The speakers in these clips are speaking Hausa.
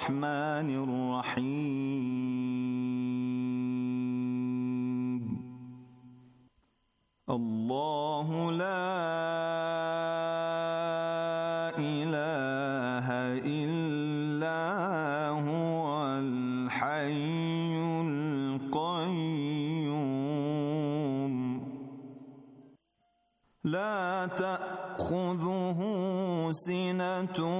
الرحمن الرحيم الله لا إله إلا هو الحي القيوم لا تأخذه سنة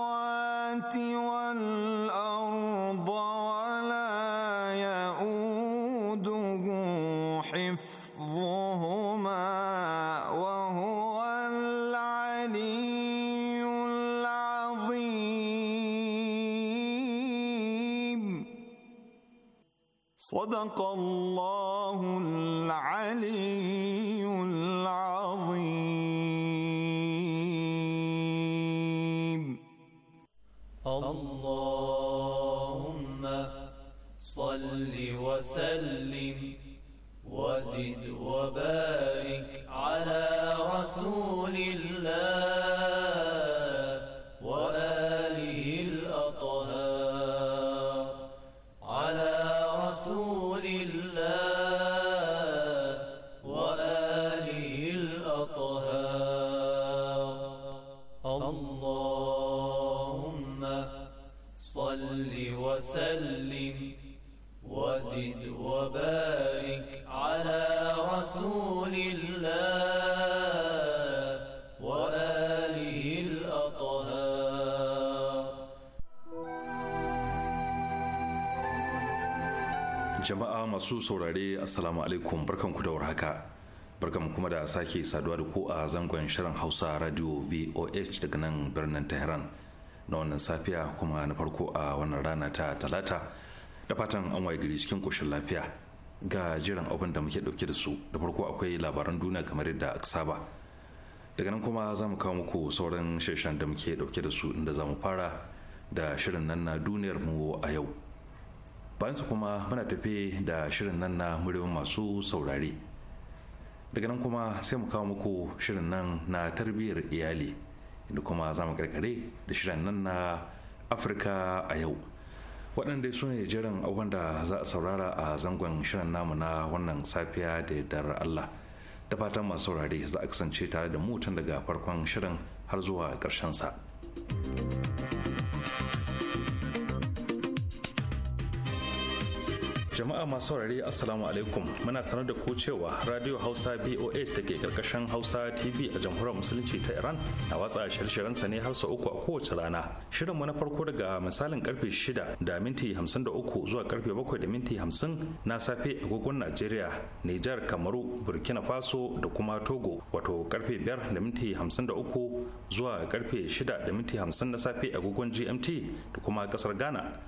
العظيم اللهم صل وسلم وزد وبارك على رسول الله masu saurare assalamu alaikum barkanku da warhaka barkan kuma da sake saduwa da ku a zangon shirin hausa radio voh daga nan birnin tehran na wannan safiya kuma na farko a wannan rana ta talata da fatan an waye gari cikin koshin lafiya ga jiran abin da muke dauke da su da farko akwai labaran duniya kamar yadda aka saba daga nan kuma za mu kawo muku sauran shirin da muke dauke da su inda za mu fara da shirin nan na duniyar mu a yau bayan su kuma muna tafe da shirin nan na muryoyin masu saurare daga nan kuma sai mu kawo muku shirin nan na tarbiyyar iyali inda kuma za mu karkare da shirin nan na afirka a yau waɗanda su ne jiran abubuwan da za a saurara a zangon shirin namu na wannan safiya da dar Allah da fatan masu saurare za a kasance tare da mutan daga farkon shirin har zuwa ƙarshen sa. Jama'a masu saurare Assalamu alaikum muna sanar da ku cewa Radio Hausa BOH da ke karkashin Hausa TV a Jamhuriyar Musulunci ta Iran na watsa shirye sa ne har sau uku a kowace rana. Shirin mu na farko daga misalin karfe 6 da minti 53 zuwa karfe 7 da minti 50 na safe a agogon Najeriya, Nijar, Kamaru, Burkina Faso da kuma Togo wato karfe 5 da minti 53 zuwa karfe 6 da minti 50 na safe a agogon GMT da kuma kasar Ghana.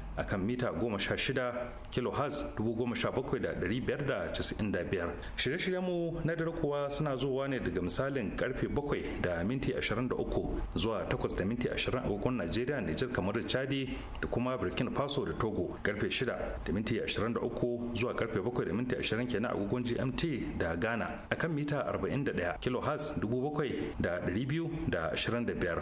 a kan mita 16 kilohertz 17,595 shirye-shiryen mu na dare kuwa suna zuwa ne daga misalin karfe 7 da minti 23 zuwa 8 da minti 20 agogon najeriya nijar kamar da chadi da kuma burkina faso da togo karfe 6 da minti 23 zuwa karfe 7 da minti 20 kenan agogon gmt da ghana a kan mita 41 kilohertz 7,225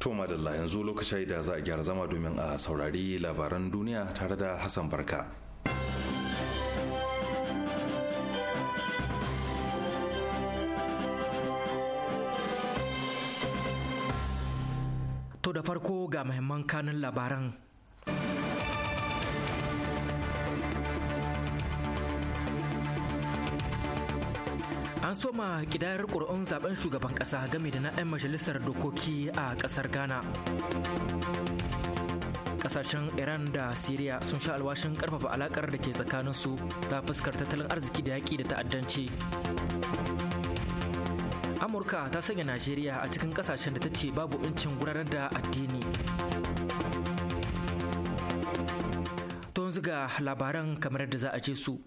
To madalla yanzu lokaci da za a gyara zama domin a saurari labaran duniya tare da Hassan Barka. To da farko ga muhimman kanun labaran an soma kidayar ƙuri'un zaben shugaban ƙasa game da na 'yan majalisar dokoki a ƙasar ghana Ƙasashen iran da syria sun sha alwashin ƙarfafa alaƙar da ke tsakaninsu ta fuskar tattalin arziki da yaƙi da ta'addanci amurka ta sanya najeriya a cikin ƙasashen da ta ce babu incin gudanar da addini Tun ziga labaran kamar da za a je su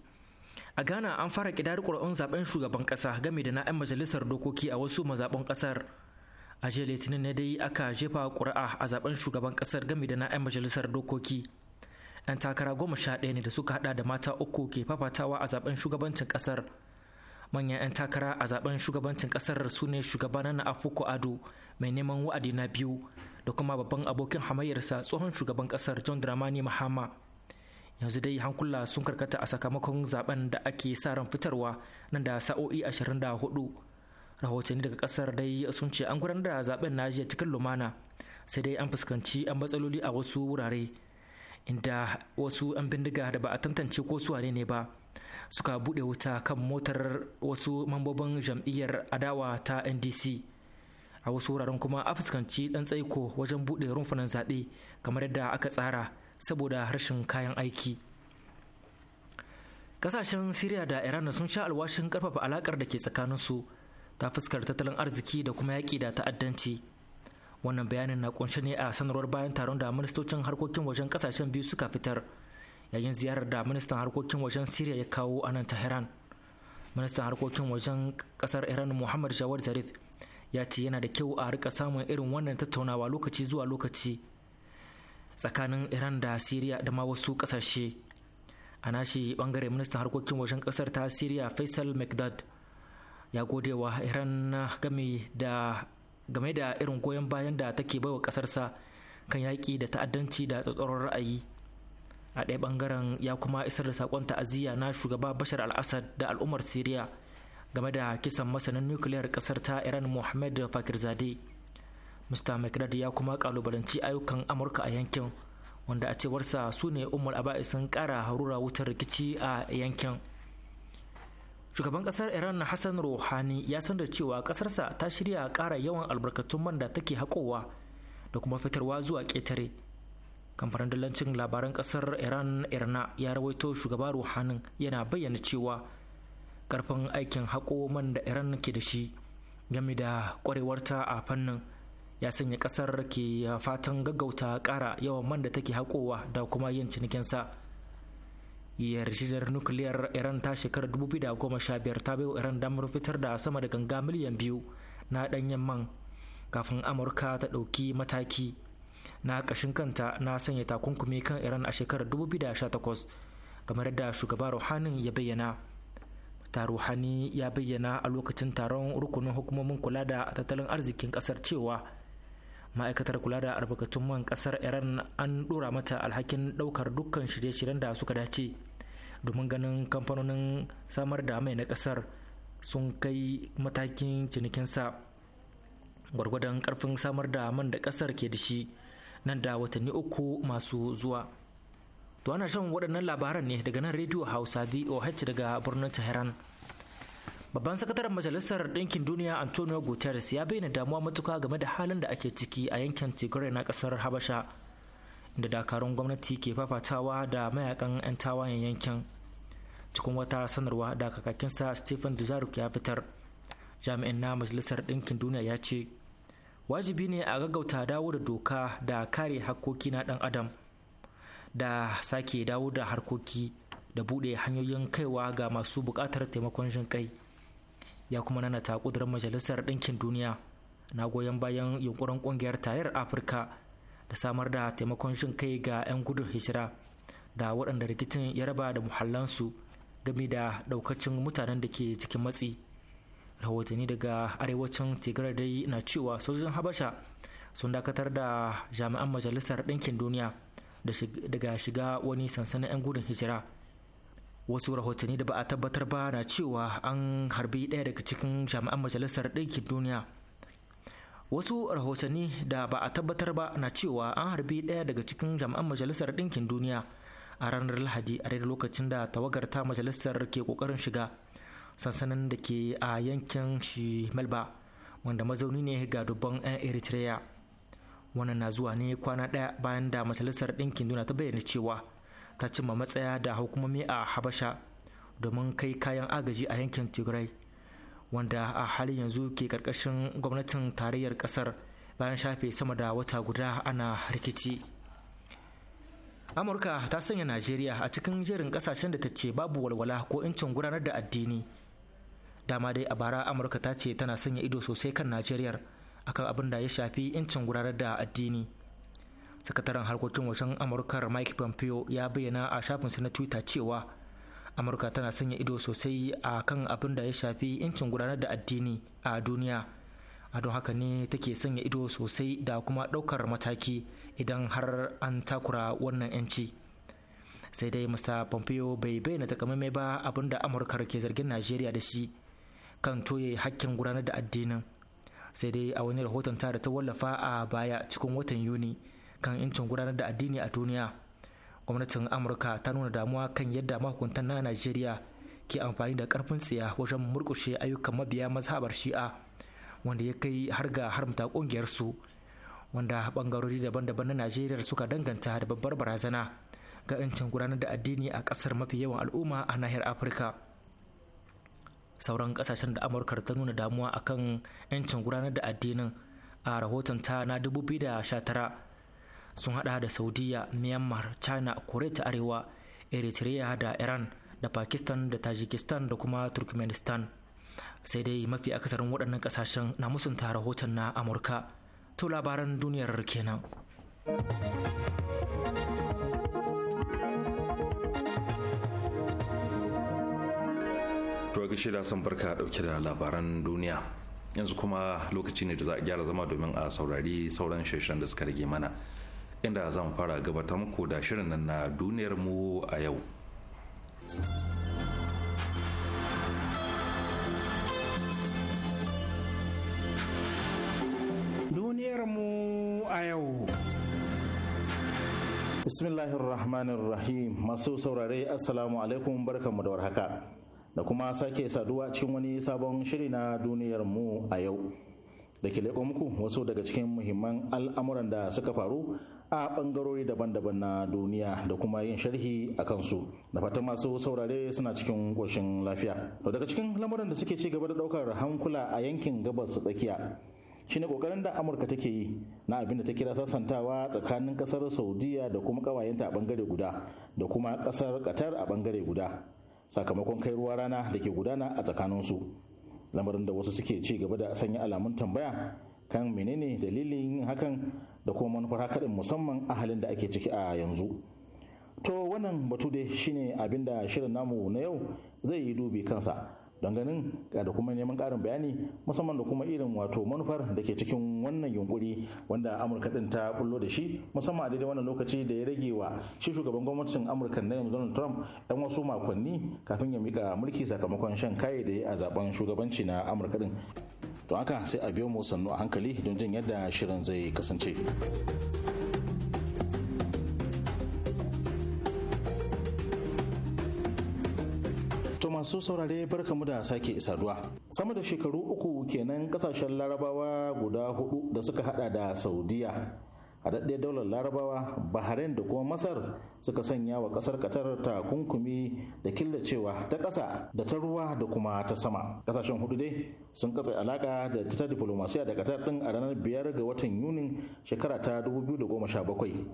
a ghana an fara kidar ƙuri'un zaben shugaban kasa game da na majalisar dokoki a wasu mazaɓen kasar a jiya litinin ne dai aka jefa ƙuri'a a zaben shugaban kasar game da na majalisar dokoki 'yan takara goma sha ɗaya ne da suka hada da mata uku ke fafatawa a zaben shugabancin kasar manyan 'yan takara a zaben shugabancin kasar su ne shugaba na afuku ado mai neman wa'adi na biyu da kuma babban abokin hamayyarsa tsohon shugaban ƙasar john dramani mahama yanzu dai hankula sun karkata a sakamakon zaben da ake sa ran fitarwa nan da sa'o'i 24 rahotanni daga kasar dai sun ce an gudanar da zaben na jiya cikin lumana sai dai an fuskanci an matsaloli a wasu wurare inda wasu an bindiga da ba a tantance ko su ne ba suka bude wuta kan motar wasu mambobin jam'iyyar adawa ta ndc a wasu wuraren kuma a fuskanci ɗan tsaiko wajen bude rumfunan zaɓe kamar yadda aka tsara saboda harshen kayan aiki kasashen siriya da iran sun sha alwashin karfafa alakar da ke tsakaninsu ta fuskar tattalin arziki da kuma yaƙi da ta'addanci wannan bayanin na kunshe ne a sanarwar bayan taron da ministocin harkokin wajen kasashen biyu suka fitar yayin ziyarar da ministan harkokin wajen siriya ya kawo a nan tehran ministan harkokin wajen kasar iran muhammad jawad zarif ya ce yana da kyau a rika samun irin wannan tattaunawa lokaci zuwa lokaci tsakanin iran da syria da ma wasu kasashe a nashi bangare ministan harkokin wajen kasar ta syria faisal mcdad ya godewa iran na da game da irin goyon bayan da take baiwa kasarsa kan yaƙi da ta'addanci da tsatsoron ra'ayi a ɗaya bangaren ya kuma isar da saƙon ta'aziyya na shugaba bashar al-assad da al'ummar syria game da kisan masanin nukiliyar kasar ta iran fakir fakirzadeh mr mcdad ya kuma kalubalanci ayyukan amurka a yankin wanda a cewarsa su ne umar aba'i sun kara harura wutar rikici a yankin shugaban kasar iran hassan rouhani ya sanar cewa kasarsa ta shirya kara yawan albarkatun man da take haƙowa da kuma fitarwa zuwa ƙetare kamfanin dalancin labaran kasar iran irna ya rawaito shugaba ruhanin yana bayyana cewa karfin aikin haƙo man da iran ke da shi game da kwarewarta a fannin ya sanya kasar ke fatan gaggauta kara yawan man da take haƙowa da kuma yin cinikinsa shidar nukiliyar iran ta shekarar 2015 ta bai iran damar fitar da sama da ganga miliyan biyu na ɗanyen man kafin amurka ta ɗauki mataki na ƙashin kanta na sanya takunkumi kan iran a shekarar 2018 kamar da shugaba ruhanin ya bayyana ta ruhani ya bayyana a lokacin taron rukunin hukumomin kula da tattalin arzikin ƙasar cewa ma'aikatar kula da albarkatun man kasar iran an dora mata alhakin daukar dukkan shirye-shiryen da suka dace domin ganin kamfanonin samar da mai na kasar sun kai matakin cinikinsa gwargwadon karfin samar da man da kasar ke da shi nan da watanni uku masu zuwa to ana shan waɗannan labaran ne daga nan rediyo hausa voh daga birnin tehran Babban sakataren Majalisar Ɗinkin Duniya Antonio Guterres ya bayyana damuwa matuka game da halin da ake ciki a yankin Tigray na ƙasar Habasha, inda dakarun gwamnati ke fafatawa da mayakan 'yan tawayen yankin. Cikin wata sanarwa da kakakinsa Stephen Duzaruk ya fitar, jami'in na Majalisar Ɗinkin Duniya ya ce, wajibi ne a gaggauta dawo da doka da kare hakkoki na ɗan adam da sake dawo da harkoki da buɗe hanyoyin kaiwa ga masu buƙatar taimakon jin kai. ya kuma nanata kudurin majalisar ɗinkin duniya na goyon bayan yunkurin ƙungiyar tayar afirka da samar da taimakon shin kai ga 'yan gudun hijira da waɗanda rikicin ya raba da muhallansu game da ɗaukacin mutanen da ke cikin matsi rahotanni daga arewacin tigar dai na cewa sojojin habasha sun dakatar da jami'an majalisar ɗinkin duniya daga shiga wani sansanin 'yan gudun hijira wasu rahotanni da ba a tabbatar ba na cewa an harbi ɗaya daga cikin jami'an majalisar ɗinkin duniya wasu rahotanni da ba a tabbatar ba na cewa an harbi ɗaya daga cikin jami'an majalisar ɗinkin duniya a ranar lahadi a daidai lokacin da tawagar ta majalisar ke kokarin shiga sansanin da ke a yankin shi melba wanda mazauni ne ga dubban 'yan eritrea wannan na zuwa ne kwana ɗaya bayan da majalisar ɗinkin duniya ta bayyana cewa ta cimma matsaya da hukumomi a habasha domin kai kayan agaji a yankin tigray wanda a halin yanzu ke karkashin gwamnatin tarayyar kasar bayan shafe sama da wata guda ana rikici amurka ta sanya najeriya a cikin jerin kasashen da ta ce babu walwala ko incin gudanar da addini dama dai a bara amurka ta ce tana sanya ido sosai kan najeriyar akan abin da ya shafi incin gudanar da addini sakataren harkokin wajen amurkar mike pompeo ya bayyana a shafinsa na twitter cewa amurka tana sanya ido sosai a kan abin da ya shafi 'yancin gudanar da addini a duniya a don haka ne take sanya ido sosai da kuma ɗaukar mataki idan har an takura wannan 'yanci sai dai mr pompeo bai bayyana takamaimai ba abin da amurkar ke zargin najeriya da shi kan toye hakkin gudanar da addinin sai dai a wani rahoton tare ta wallafa a baya cikin watan yuni kan 'yancin gudanar da addini a duniya gwamnatin amurka ta nuna damuwa kan yadda mahukuntan na najeriya ke amfani da karfin tsiya wajen murkushe ayyukan mabiya mazhabar shi'a wanda ya kai har ga haramta kungiyar su wanda bangarori daban-daban na najeriya suka danganta da babbar barazana ga 'yancin gudanar da addini a kasar mafi yawan al'umma a nahiyar afirka sauran kasashen da amurka ta nuna damuwa akan 'yancin gudanar da addinin a rahoton ta na 2019 sun hada da saudiya myanmar china kore ta arewa eritrea da iran da pakistan da tajikistan da kuma turkmenistan sai dai mafi akasarin waɗannan ƙasashen na musunta rahoton na amurka to labaran duniyar kenan to gashi da son barka dauke da labaran duniya yanzu kuma lokaci ne da za a gyara zama domin a saurari sauran shirin da suka rage mana inda za mu fara gabata muku da shirin nan na duniyar mu a yau duniyar mu a yau bismillahir rahmanir rahim masu saurare assalamu alaikum barkanmu da warhaka da kuma sake saduwa cikin wani sabon shiri na duniyar mu a yau da ke leƙo muku wasu daga cikin muhimman al'amuran da suka faru a bangarori daban-daban na duniya da kuma yin sharhi a kansu da fatan masu saurare suna cikin ƙoshin lafiya to daga cikin lamuran da suke ci gaba da ɗaukar hankula a yankin gabas tsakiya shine kokarin da amurka take yi na abin da ta kira sasantawa tsakanin kasar saudiya da kuma kawayenta a bangare guda da kuma kasar qatar a bangare guda sakamakon kai ruwa rana da ke gudana a tsakaninsu lamarin da wasu suke ci gaba da sanya alamun tambaya kan menene dalilin hakan da kuma manufar kaɗin musamman ahalin da ake ciki a yanzu to wannan batu dai shine abinda shirin namu na yau zai yi dubi kansa don ganin da kuma neman karin bayani musamman da kuma irin wato manufar da ke cikin wannan yunkuri wanda amurka din ta bullo da shi musamman a daidai wannan lokaci da ya rage wa shi shugaban gwamnatin amurka na yanzu donald trump yan wasu makonni kafin ya mika mulki sakamakon shan kai da ya a zaben shugabanci na amurka din to haka sai a biyo mu sannu a hankali don jin yadda shirin zai kasance to masu saurare barkamu da sake saduwa. Sama da shekaru uku kenan kasashen larabawa guda hudu da suka hada da Saudiya a haɗaɗɗiyar daular larabawa bahrain da kuma masar suka sanya wa ƙasar ta kunkumi da killacewa ta ƙasa da ta ruwa da kuma ta sama ƙasashen hudu dai sun katse alaka da ta diplomasiya da qatar ɗin a ranar biyar ga watan yunin shekara ta 2017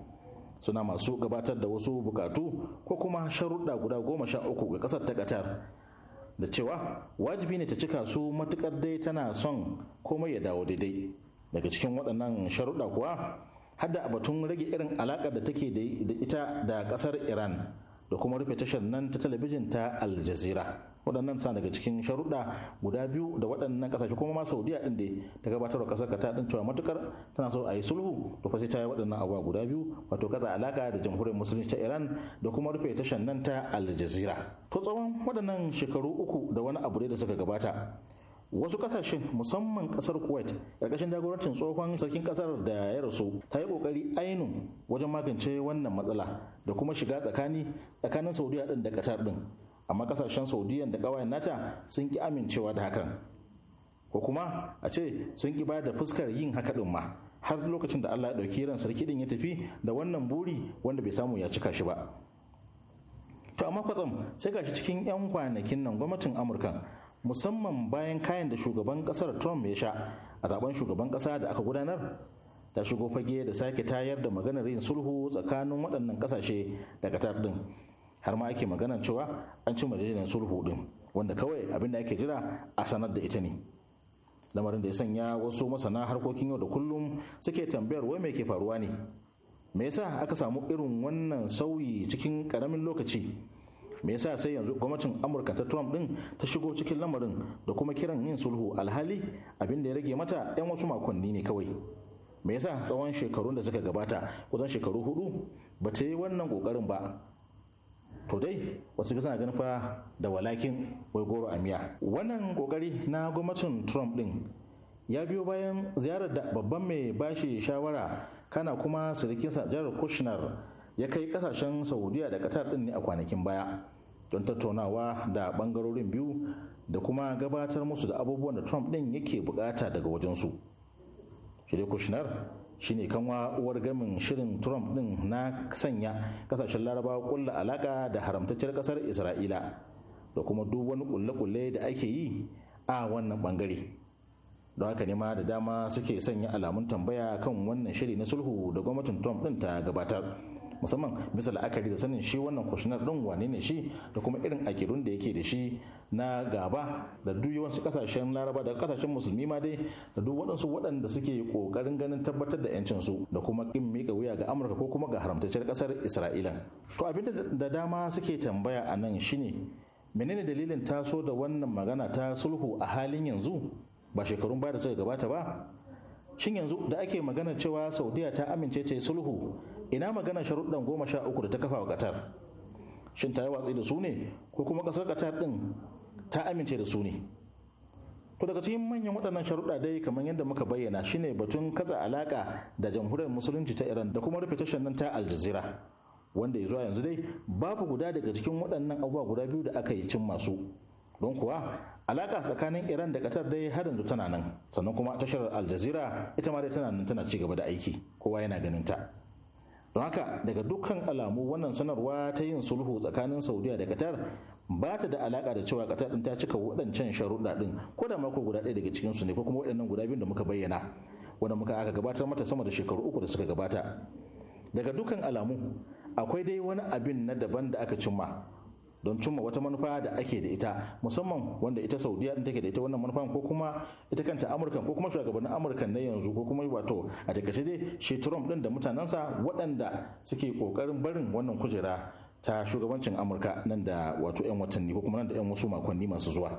suna masu gabatar da wasu bukatu ko kuma sharuɗa guda goma sha uku ga ƙasar ta Qatar da cewa wajibi ne ta cika su matuƙar dai tana son komai ya dawo daidai daga cikin waɗannan sharuɗa kuwa hadda a batun rage irin alaƙar da take da ita da ƙasar iran da kuma rufe tashar nan ta talabijin ta al jazeera waɗannan sa daga cikin sharuɗa guda biyu da waɗannan ƙasashe kuma ma saudiya ɗin da ta gabatar da ƙasar ka ta ɗin cewa matukar tana so a yi sulhu to fa sai ta yi waɗannan abubuwa guda biyu wato katsa alaƙa da jamhuriyar musulunci ta iran da kuma rufe tashar nan ta al jazeera to tsawon waɗannan shekaru uku da wani abu da suka gabata wasu kasashen musamman kasar kuwait ƙarƙashin jagorancin tsohon sarkin kasar da ya rasu ta yi ƙoƙari ainu wajen magance wannan matsala da kuma shiga tsakani tsakanin saudiya din da kasar ɗin amma kasashen saudiya da ƙawayen nata sun ki amincewa da hakan ko kuma a ce sun ki bada da fuskar yin haka din ma har lokacin da allah ya ɗauki ran sarki ɗin ya tafi da wannan buri wanda bai samu ya cika shi ba to amma kwatsam sai gashi cikin 'yan kwanakin nan gwamnatin amurka musamman bayan kayan da shugaban kasar trump ya sha a zaben shugaban kasa da aka gudanar ta shigo fage da sake tayar da maganar yin sulhu tsakanin waɗannan ƙasashe daga katar ɗin har ma ake maganar cewa an ci majalisar sulhu ɗin wanda kawai abin da ake jira a sanar da ita ne lamarin da ya sanya wasu masana harkokin yau da kullum suke tambayar wai mai ke faruwa ne me yasa aka samu irin wannan sauyi cikin ƙaramin lokaci me yasa sai yanzu gwamnatin amurka ta trump din ta shigo cikin lamarin da kuma kiran yin sulhu alhali abinda ya rage mata 'yan wasu makonni ne kawai me yasa tsawon shekarun da suka gabata kusan shekaru hudu ba ta yi wannan kokarin ba to dai wasu suna ganin fa da walakin wai goro a miya wannan kokari na gwamnatin trump din ya biyo bayan ziyarar da babban mai bashi shawara kana kuma sirikinsa jarar kushner ya kai kasashen saudiya da qatar din ne a kwanakin baya don tattaunawa da bangarorin biyu da kuma gabatar musu da abubuwan da trump din yake bukata daga wajensu shirya kushner shine kanwa uwar gamin shirin trump din na sanya kasashen larabawa kulla alaka da haramtacciyar kasar isra'ila da kuma duk wani kulle-kulle da ake yi a wannan bangare don haka ne ma da dama suke sanya alamun tambaya kan wannan shiri na sulhu da gwamnatin trump din ta gabatar musamman bisa la'akari da sanin shi wannan kwashinar din wane ne shi da kuma irin akidun da yake da shi na gaba da duk yawansu kasashen laraba da kasashen musulmi ma dai da duk waɗansu waɗanda suke ƙoƙarin ganin tabbatar da 'yancin su da kuma ƙin miƙa wuya ga amurka ko kuma ga haramtacciyar ƙasar isra'ila to abin da dama suke tambaya a nan shine menene dalilin taso da wannan magana ta sulhu a halin yanzu ba shekarun baya da suka gabata ba shin yanzu da ake magana cewa saudiya ta amince ta yi sulhu ina magana sharuɗan goma sha uku da ta kafa wa qatar shin ta yi watsi da su ne ko kuma ƙasar qatar ɗin ta amince da su ne to daga cikin manyan waɗannan sharuɗa dai kamar yadda muka bayyana shine batun katsa alaƙa da jamhuriyar musulunci ta iran da kuma rufe tashar nan ta aljazira wanda ya zuwa yanzu dai babu guda daga cikin waɗannan abubuwa guda biyu da aka yi cin masu don kuwa alaƙa tsakanin iran da qatar dai har yanzu tana nan sannan kuma tashar aljazira ita ma dai tana nan tana ci gaba da aiki kowa yana ganin ta don haka daga dukkan alamu wannan sanarwa ta yin sulhu tsakanin saudiya da qatar ba ta da alaka da cewa qatar din ta cika waɗancan sharuɗa din ko da mako guda ɗaya daga cikin su ne ko kuma waɗannan guda biyun da muka bayyana wanda muka aka gabatar mata sama da shekaru uku da suka gabata daga dukkan alamu akwai dai wani abin na daban da aka cimma don cimma wata manufa da ake da ita musamman wanda ita saudiya din take da ita wannan manufan ko kuma ita kanta amurka ko kuma shugabannin amurka na yanzu ko kuma wato a takaice dai shi trump din da mutanensa waɗanda suke kokarin barin wannan kujera ta shugabancin amurka nan da wato 'yan watanni ko kuma nan da 'yan wasu makonni masu zuwa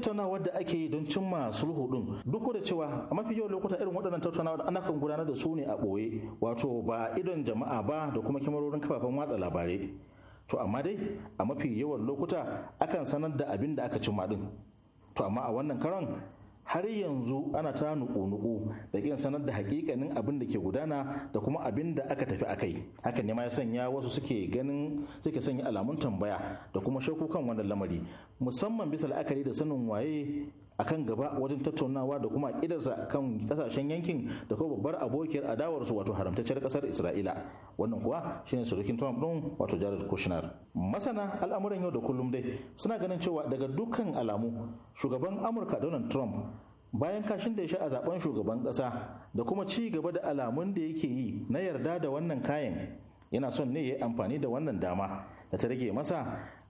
tattaunawa da ake yi don cimma sulhu din duk da cewa a mafi yawan lokuta irin waɗannan tattaunawa ana kan gudanar da su ne a ɓoye wato ba idon jama'a ba da kuma kyamarorin kafafen watsa labarai to amma dai a mafi yawan lokuta akan sanar da abin da aka cimma din to amma a wannan karon har yanzu ana ta nuku-nuku da kin sanar da hakikanin abin da ke gudana da kuma abin da aka tafi a kai hakan ne ma ya sanya wasu suke ganin suke sanya alamun tambaya da kuma shakku kan wannan lamari musamman bisa la'akari da sanin waye akan gaba wajen tattaunawa da kuma kidarsa kan kasashen yankin da kuma babbar abokiyar adawarsu wato haramtacciyar kasar isra'ila wannan kuwa shine surukin trump din wato jared kushner masana al'amuran yau da kullum dai suna ganin cewa daga dukkan alamu shugaban amurka donald trump bayan kashin da ya sha a zaben shugaban kasa da kuma ci gaba da alamun da yake yi na yarda da wannan kayan yana son ne ya yi amfani da wannan dama da ta rage masa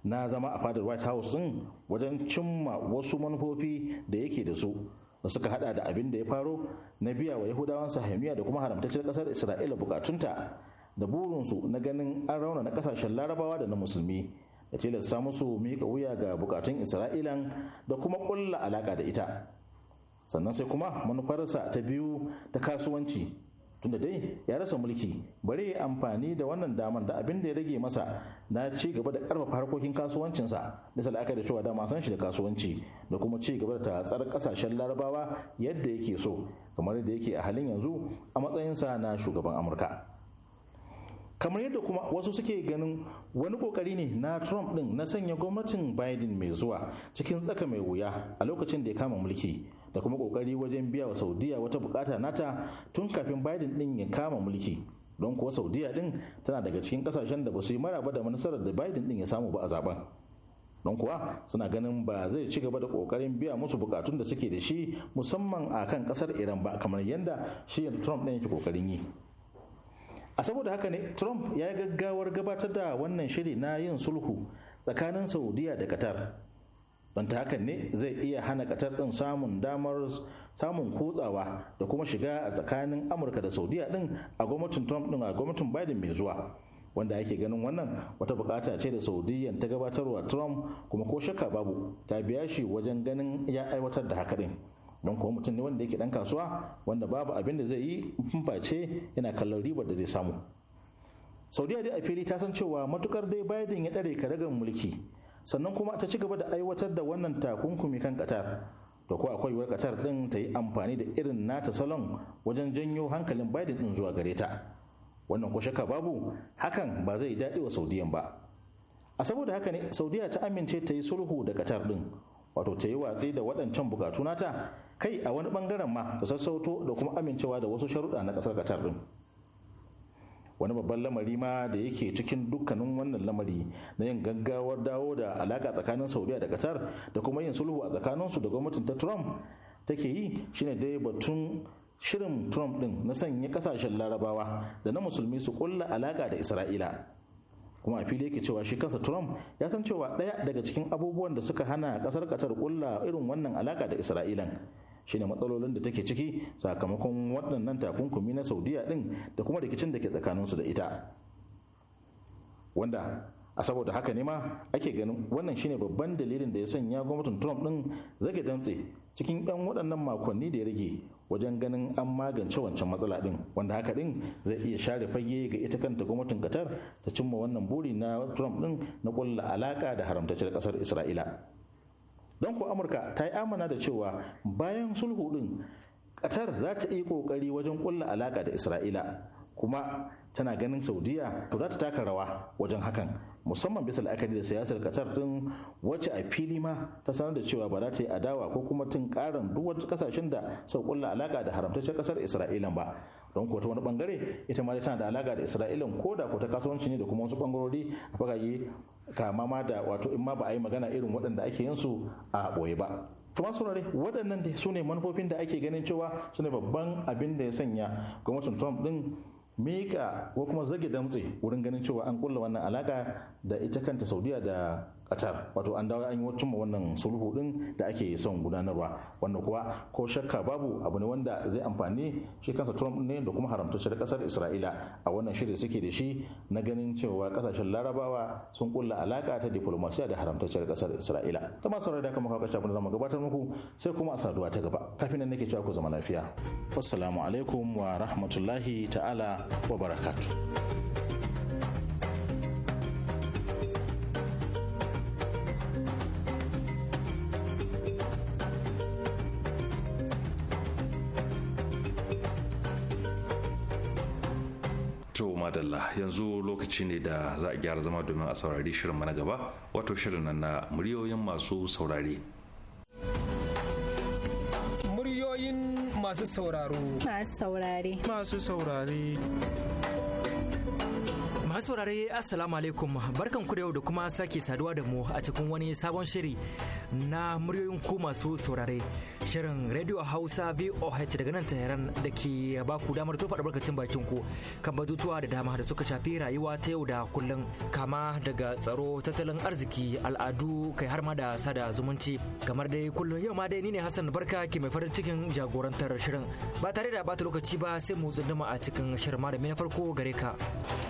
na zama a fadar white house din wajen cimma wasu manufofi da yake da su da suka hada da abin da ya faro na biya wa yahudawan sahamiya da kuma haramtacciyar kasar isra'ila bukatunta da burinsu na ganin an rauna na kasashen larabawa da na musulmi da tilasta musu mika wuya ga bukatun isra'ilan da kuma ƙulla alaka da ita sannan sai kuma manufarsa ta biyu ta kasuwanci tunda dai ya rasa mulki bari ya amfani da wannan damar da abin da ya rage masa na ci gaba da karfafa harkokin kasuwancinsa bisa la'akari da cewa dama san shi da kasuwanci da kuma ci gaba da tatsar kasashen larabawa yadda yake so kamar yadda yake a halin yanzu a matsayinsa na shugaban amurka kamar yadda kuma wasu suke ganin wani kokari ne na trump din na sanya gwamnatin biden mai zuwa cikin tsaka mai wuya a lokacin da ya kama mulki da kuma kokari wajen biya wa saudiya wata bukata nata tun kafin biden din ya kama mulki don kuwa saudiya din tana daga cikin kasashen da ba su yi maraba da manasarar da biden din ya samu ba a zaben don kuwa suna ganin ba zai ci gaba da kokarin biya musu bukatun da suke da shi musamman a kan kasar iran ba kamar yadda shi trump ɗin yake kokarin yi a saboda haka ne trump ya yi gaggawar gabatar da wannan shiri na yin sulhu tsakanin saudiya da qatar don ta hakan ne zai iya hana katar din samun damar samun kutsawa da kuma shiga a tsakanin amurka da saudiya din a gwamnatin trump ɗin a gwamnatin biden mai zuwa wanda ake ganin wannan wata bukata ce da saudiyyan ta gabatarwa trump kuma ko shakka babu ta biya shi wajen ganin ya aiwatar da haka din. don kuma mutum ne wanda yake dan kasuwa wanda babu abin da zai yi face yana kallon ribar da zai samu saudiya dai a fili ta san cewa matukar dai biden ya ɗare karagar mulki sannan kuma ta ci gaba da aiwatar da wannan takunkumi kan qatar da ko akwai yiwuwar qatar din ta yi amfani da irin nata salon wajen janyo hankalin biden din zuwa gare ta wannan ko shakka babu hakan ba zai daɗi wa saudiyan ba a saboda haka ne saudiya ta amince ta yi sulhu da qatar din wato ta yi watsi da waɗancan bukatu nata kai a wani bangaren ma da sassauto da kuma amincewa da wasu sharuɗa na ƙasar qatar din wani babban lamari ma da yake cikin dukkanin wannan lamari na yin gaggawar dawo da alaka tsakanin saudiya da qatar da kuma yin sulhu a tsakaninsu da gwamnatin ta trump take yi shine dai batun shirin trump din na sanya kasashen larabawa da na musulmi su kulla alaka da isra'ila kuma a fili yake cewa shi kansa trump ya san cewa ɗaya daga cikin abubuwan da suka hana ƙasar qatar kulla irin wannan alaka da isra'ilan shine matsalolin da take ciki sakamakon waɗannan takunkumi na saudiya ɗin da kuma rikicin da ke tsakaninsu da ita wanda a saboda haka ne ma ake ganin wannan shine babban dalilin da ya sanya gwamnatin trump ɗin zage damtse cikin ɗan waɗannan makonni da ya rage wajen ganin an magance wancan matsala ɗin wanda haka ɗin zai iya share fage ga ita kanta gwamnatin qatar ta cimma wannan buri na trump ɗin na ƙulla alaƙa da haramtacciyar ƙasar isra'ila don ko amurka ta yi amana da cewa bayan sulhu din qatar za ta yi kokari wajen kulla alaka da isra'ila kuma tana ganin saudiya to za ta taka rawa wajen hakan musamman bisa la'akari da siyasar kasar din wacce a fili ma ta sanar da cewa ba za ta yi adawa ko kuma tun karin duk wata kasashen da sau kulla alaka da haramtaccen kasar isra'ila ba don kuwa ta wani bangare ita ma tana da alaka da isra'ila ko da ko ta kasuwanci ne da kuma wasu bangarori a fagage kama ma da wato in ma ba a yi magana irin waɗanda ake yin su a ɓoye ba to masu saurare waɗannan da su ne manufofin da ake ganin cewa su ne babban abin da ya sanya gwamnatin trump ɗin mika ko kuma zage damtse wurin ganin cewa an kulla wannan alaka da ita kanta saudiya da qatar wato an dawo an yi wacce wannan sulhu din da ake son gudanarwa wanda kuwa ko shakka babu abu ne wanda zai amfani shi kansa trump ne da kuma haramtacciyar kasar isra'ila a wannan shirin suke da shi na ganin cewa kasashen larabawa sun kulla alaka ta diplomasiya da haramtacciyar kasar isra'ila ta masu da kuma kawo kashe abin da zamu gabatar muku sai kuma a saduwa ta gaba kafin nan nake cewa ku zama lafiya assalamu alaikum wa rahmatullahi ta'ala wa barakatuh Allah yanzu lokaci ne da za a gyara zama domin a saurari shirin mana gaba wato shirin nan na muryoyin masu saurare muryoyin masu sauraro masu saurare masu saurare masu saurare assalamu alaikum barkan ku da yau da kuma sake saduwa da mu a cikin wani sabon shiri na muryoyin ku masu saurare shirin Radio Hausa VOH daga nan Tehran da ke ba ku damar tofa albarkacin bakin ku kan batutuwa da dama da suka shafi rayuwa ta yau da kullum kama daga tsaro tattalin arziki al'adu kai har ma da sada zumunci kamar dai kullum yau ma dai ni ne Hassan Barka ke mai farin cikin jagorantar shirin ba tare da bata lokaci ba sai mu tsunduma a cikin shirin malami na farko gare ka.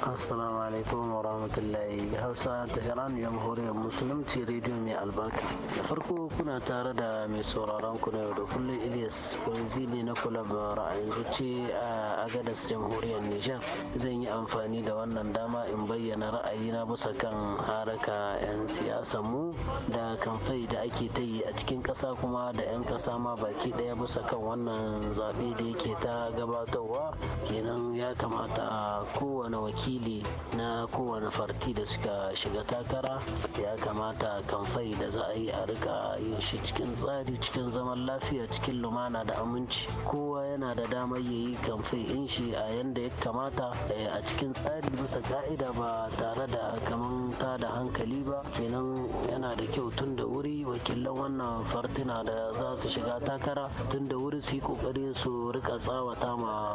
Assalamu alaikum wa rahmatullahi Hausa Tehran Jamhuriyar Musulunci Radio mai albarka da farko kuna tare da mai sauraron ku yau da kullum Ilyas Kwanzili na kulab ra'ayin zuci a Agadas Jamhuriyar Nijar. Zan yi amfani da wannan dama in bayyana ra'ayi na bisa kan haraka 'yan siyasa mu da kamfai da ake ta yi a cikin ƙasa kuma da 'yan ƙasa ma baki ɗaya bisa kan wannan zaɓe da yake ta gabatarwa kenan ya kamata a kowane wakili na kowane farti da suka shiga takara ya kamata kamfai da za a yi a rika yin shi cikin tsari cikin zaman lafiya cikin lumana da aminci kowa yana da damar ya yi kamfe in shi a yanda ya kamata eh, a cikin tsari bisa ka'ida ba tare da kaman ta da hankali ba kenan yana da kyau tun da wuri wakilan wannan fartina da za su shiga takara tun da wuri su yi kokari su rika tsawata ma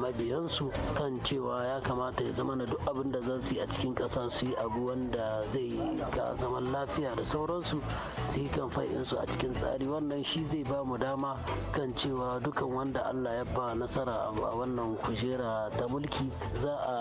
mabiyansu kan cewa ya kamata ya zama na duk abin da za su yi a cikin kasa su yi abu wanda zai ga zaman lafiya da sauransu su yi kamfe su a cikin tsari wannan shi zai ba mu dama kan cewa dukan wanda Allah ya ba nasara a wannan kujera ta mulki za a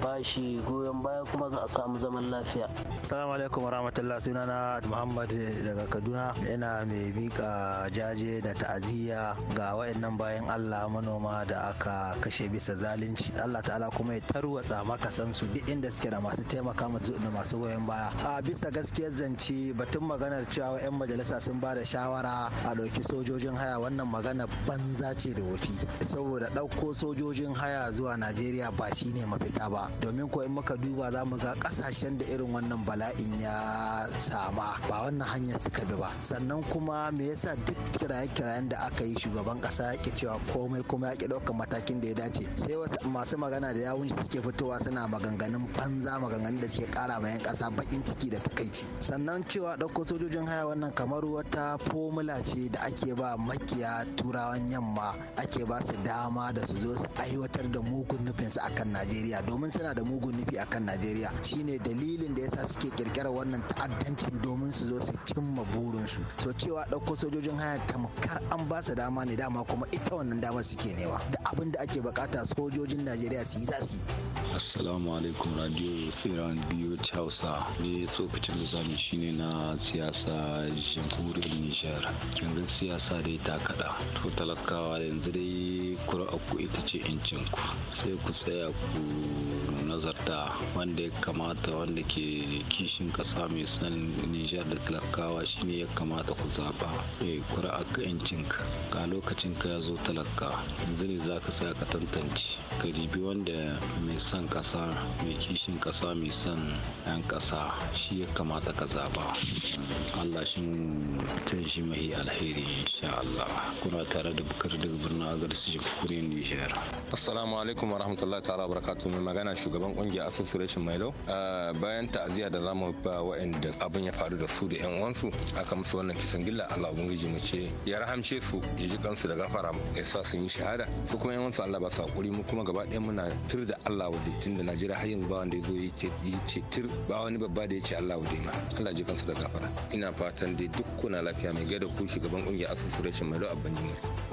ba shi goyon baya kuma za a samu zaman lafiya. Assalamu alaikum warahmatullah sunana Muhammad daga Kaduna yana mai bika jaje da ta'aziyya ga wayannan bayan Allah manoma da aka kashe bisa zalunci. Allah ta'ala kuma ya tarwatsa makasan su duk inda suke da masu taimaka musu da masu goyon baya. A bisa gaskiyar zance batun maganar cewa 'yan majalisa sun ba da shawara a ɗauki sojojin haya wannan magana banza ce da wafi saboda ɗauko sojojin haya zuwa najeriya ba shi ne mafita ba domin ko in muka duba za mu ga ƙasashen da irin wannan bala'in ya sama ba wannan hanyar suka bi ba sannan kuma me yasa duk kiraye-kirayen da aka yi shugaban kasa ya cewa komai kuma ya ki ɗaukar matakin da ya dace sai wasu masu magana da yawun suke fitowa suna maganganun banza maganganun da suke ƙara ma 'yan ƙasa baƙin ciki da takaici sannan cewa ɗauko sojojin haya wannan kamar wata fomula ce da ake ake ba makiya turawan yamma ake ba su dama da su zo su aiwatar da mugun nufinsu akan najeriya domin suna da mugun nufi akan najeriya shine dalilin da yasa suke kirkirar wannan ta'addancin domin su zo su cimma burinsu so cewa dauko sojojin haya tamkar an ba su dama ne dama kuma ita wannan dama suke nema da abin da ake bukata sojojin najeriya su yi za su assalamu alaikum radio iran biyu hausa ne tsokacin da zami shine na siyasa jamhuriyar nijar kin gaskiya Allah sa dai ta kaɗa to talakawa yanzu dai kura ku ita ce incin ku sai ku tsaya ku nazarta wanda ya kamata wanda ke kishin kasa mai san nijar da talakawa shine ya kamata ku zaba ya eh, kura a yancinka ga lokacin ka ya zo talaka yanzu ne za ka saya ka tantance ka ribi wanda mai san kasa mai kishin kasa mai san yan kasa shi ya kamata ka zaba allah shi mutum shi mahi alheri insha allah kuna tare da bukar daga birnin agar su jamhuriyar nijar assalamu alaikum warahmatullahi ta'ala barakatuh mai magana shugaban shugaban kungiyar association milo bayan ta'aziyya da zamu ba wa'anda abin ya faru da su da yan uwansu aka musu wannan kisan gilla Allah ubangiji mu ce ya rahamce su ya ji kansu da gafara ya sa su yi shahada su kuma yan uwansu Allah ba su hakuri mu kuma gaba ɗaya muna tir da Allah wadai tun da Najeriya har yanzu ba wanda ya zo ya ce tir ba wani babba da ya ce Allah wadai ma Allah ji kansu da gafara ina fatan dai duk kuna lafiya mai gaida ku shugaban kungiyar association milo abban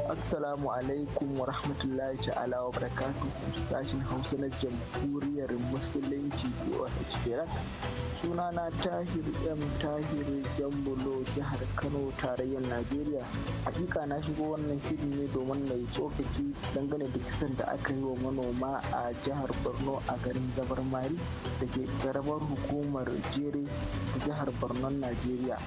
Assalamu alaikum wa rahmatullahi ta'ala wa barakatuhu sashin Hausa na jamhuriyar jam'iyyar musulunci POS Iraq. Sunana Tahir M. Tahir jambolo jihar Kano tarayyar Najeriya. Hakika na shigo wannan shiri ne domin na yi tsokaci dangane da kisan da aka yi wa manoma a jihar Borno a garin Zabar Mari da ke garabar hukumar Jere da jihar Borno Najeriya.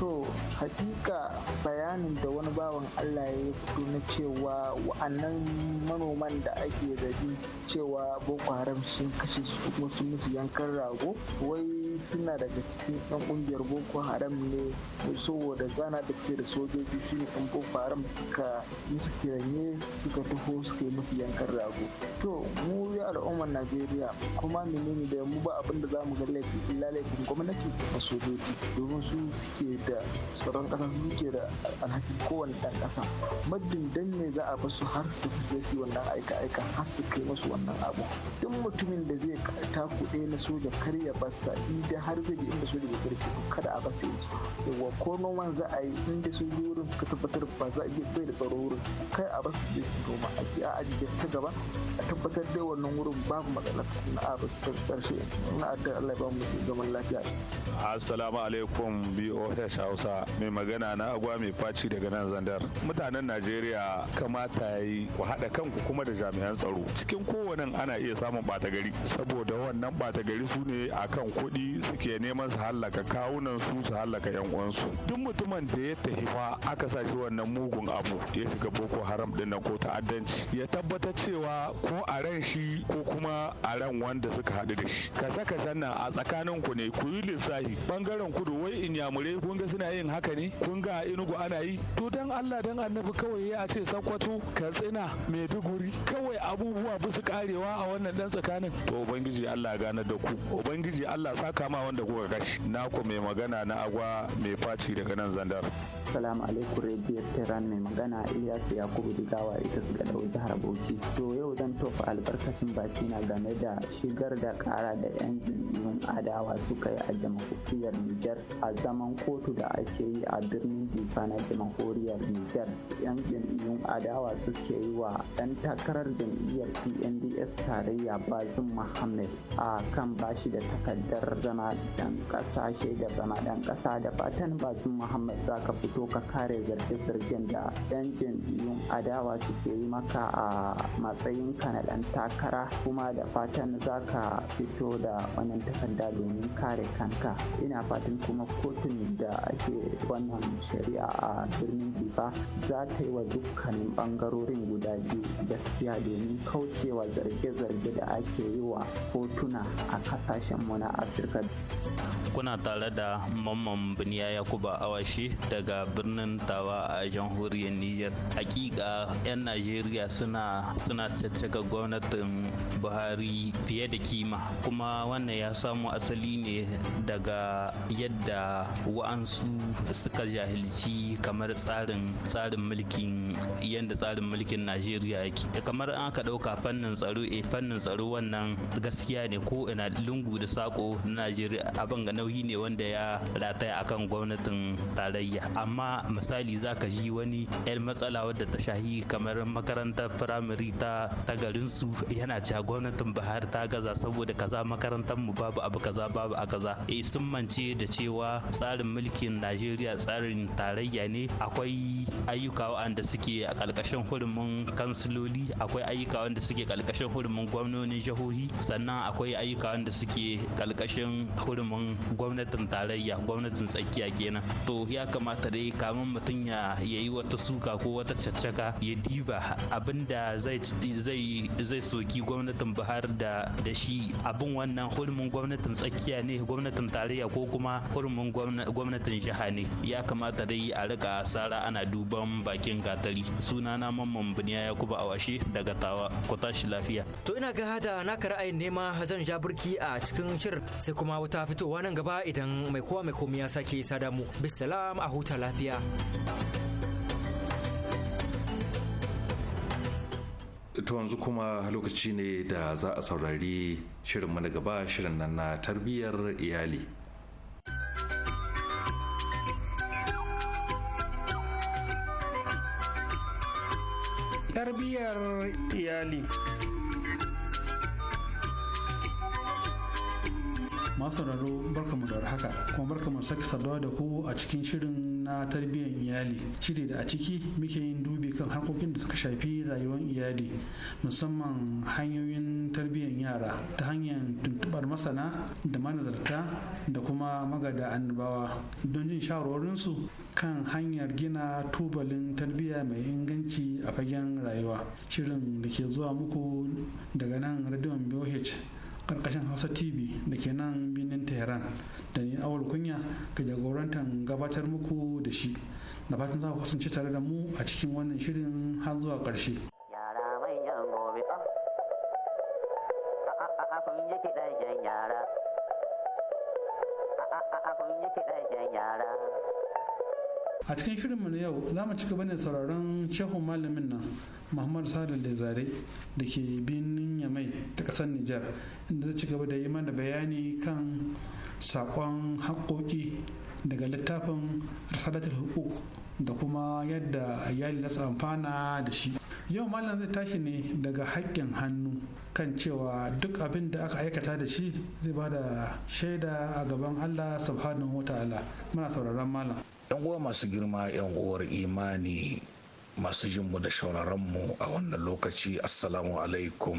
To, hakika bayanin da wani bawan Allah ya fito na cewa wa'annan manoman da ake zabi cewa Boko Haram sun sun kashe su sun musu yankan rago wai suna daga cikin yan ƙungiyar boko haram ne saboda gana da suke da sojoji shine yan boko haram suka musu kiranye suka taho suka yi musu yankan rago to mu ya al'ummar najeriya kuma menene da mu ba abin da za mu ga laifin gwamnati da sojoji domin su suke da tsaron kasa su suke da alhakin kowane ɗan ƙasa muddin dan ne za a basu har su tafi su wannan aika aika har su kai musu wannan abu duk mutumin wanda zai kuɗe na soja kar ya basa inda har zai inda soja bai karfi kada a basa yanzu yawa ko noman za a yi inda soja wurin suka tabbatar ba za a iya bai da tsaro wurin kai a basu je su noma a ji a ajiye ta gaba a tabbatar da wannan wurin babu matsala na a basu karshe na addan Allah ba mu zaman lafiya assalamu alaikum BOH Hausa mai magana na agwa mai faci daga nan zandar mutanen Najeriya kamata yi ku haɗa kanku kuma da jami'an tsaro cikin kowane ana iya samun ɓata gari gari saboda wannan bata gari su ne kan kuɗi suke neman su hallaka kawunan su su hallaka yan uwansu duk mutumin da ya tafi fa aka sa shi wannan mugun abu ya shiga boko haram din ko ta'addanci ya tabbatar cewa ko a ran shi ko kuma a ran wanda suka haɗu da shi kashe kashen nan a tsakanin ku ne ku yi lissafi bangaren kudu wai inyamurai kun ga suna yin haka ne kun ga a inugu ana yi to dan Allah dan annabi kawai ya ce sakwato katsina maiduguri kawai abubuwa bisu karewa a wannan dan tsakanin to ubangiji Allah gane da ku ubangiji Allah saka ma wanda kuka kashi nako mai magana na agwa mai faci daga nan zandar salamu alaikum rabiyar tehran mai magana Ilyasu Yakubu Digawa ita su gada jihar Bauchi to yau zan tofa albarkacin baki na game da shigar da kara da yan jam'iyyun adawa suka yi a jamhuriyar Nijar a zaman kotu da ake yi a birnin Difa na jamhuriyar Nijar yan jam'iyyun adawa suke yi wa dan takarar jam'iyyar PNDS tarayya bazin Mohammed a kan bashi da takardar zama dan kasa da zama dan kasa da fatan bazin muhammad za ka fito ka kare zarge-zargen da yan jam'iyyun adawa suke yi maka a matsayin ka na dan takara kuma da fatan za ka fito da wannan takarda domin kare kanka ina fatan kuma kotun da ake wannan shari'a a birnin bifa za ta yi wa dukkanin bangarorin guda biyu gaskiya domin kaucewa zarge-zarge da ake yi hotuna a kasashenmu na afirka kuna tare da mamman biniya yakuba awashi daga birnin tawa a jamhuriyar niger hakika 'yan najeriya suna suna caccaka gwamnatin buhari fiye da kima kuma wannan ya samu asali ne daga yadda wa'ansu suka jahilci kamar tsarin tsarin mulkin yadda tsarin mulkin najeriya yake kamar an ka ɗauka fannin tsaro e fannin tsaro wannan wannan gaskiya ne ko ina lungu da sako na najeriya abin ga nauyi ne wanda ya rataya akan gwamnatin tarayya amma misali za ka ji wani yan matsala wadda ta shahi kamar makarantar firamare ta ta garinsu yana cewa gwamnatin bahar ta gaza saboda kaza makarantar mu babu abu kaza babu a kaza e sun mance da cewa tsarin mulkin najeriya tsarin tarayya ne akwai ayyuka wanda suke a ƙarƙashin hurumin kansiloli akwai ayyuka wanda suke ƙarƙashin hurumin gwamnonin jihohi jihohi sannan akwai ayyuka wanda suke kalkashin hurumin gwamnatin tarayya gwamnatin tsakiya kenan to ya kamata dai kamun mutum ya yi wata suka ko wata caccaka ya diba abinda zai zai soki gwamnatin Buhar da shi abin wannan hurumin gwamnatin tsakiya ne gwamnatin tarayya ko kuma hurumin gwamnatin jiha ne ya kamata dai a rika sara ana duban bakin gatari sunana mamman buniya yakuba awashe daga tawa ku tashi lafiya to ina ga hada na naka ra'ayin nema zan ja burki a cikin shir sai kuma wata fitowa nan gaba idan mai kowa mai komi ya sake sada mu bisalam a huta lafiya to yanzu kuma lokaci ne da za a saurari shirin mana gaba shirin nan na tarbiyyar iyali tarbiyyar iyali masu raro barkamu da haka kuma barka barkamu sake saduwa da ku a cikin shirin na tarbiyyar iyali shiri da a ciki muke yin dubi kan harkokin da suka shafi rayuwar iyali musamman hanyoyin tarbiyyar yara ta hanyar tuntubar masana da manazarta da kuma magada annabawa don jin shawarwarinsu kan hanyar gina tubalin tarbiyya mai inganci a fagen rayuwa shirin da ke zuwa muku daga nan radion BOH karkashin hausa tv da ke nan birnin tehran da ni awal kunya ga jagorantar gabatar muku da shi da fatan za ku kasance tare da mu a cikin wannan shirin har zuwa ƙarshe. yara ah, ah, ah, yara a cikin shirinmu na yau za mu ci gaba ne sauraron shehun malamin nan muhammad salil da zare da ke binin yamai ta ƙasar nijar inda zai ci gaba da yi mana bayani kan saƙon haƙoƙi daga littafin risalatul hukuk da kuma yadda iyali za amfana da shi yau malam zai tashi ne daga haƙƙin hannu kan cewa duk abin da aka aikata da shi zai ba da shaida a gaban allah subhanahu wa ta'ala muna sauraron malam yan uwa masu girma yan uwar imani masu jinmu da mu a wannan lokaci assalamu alaikum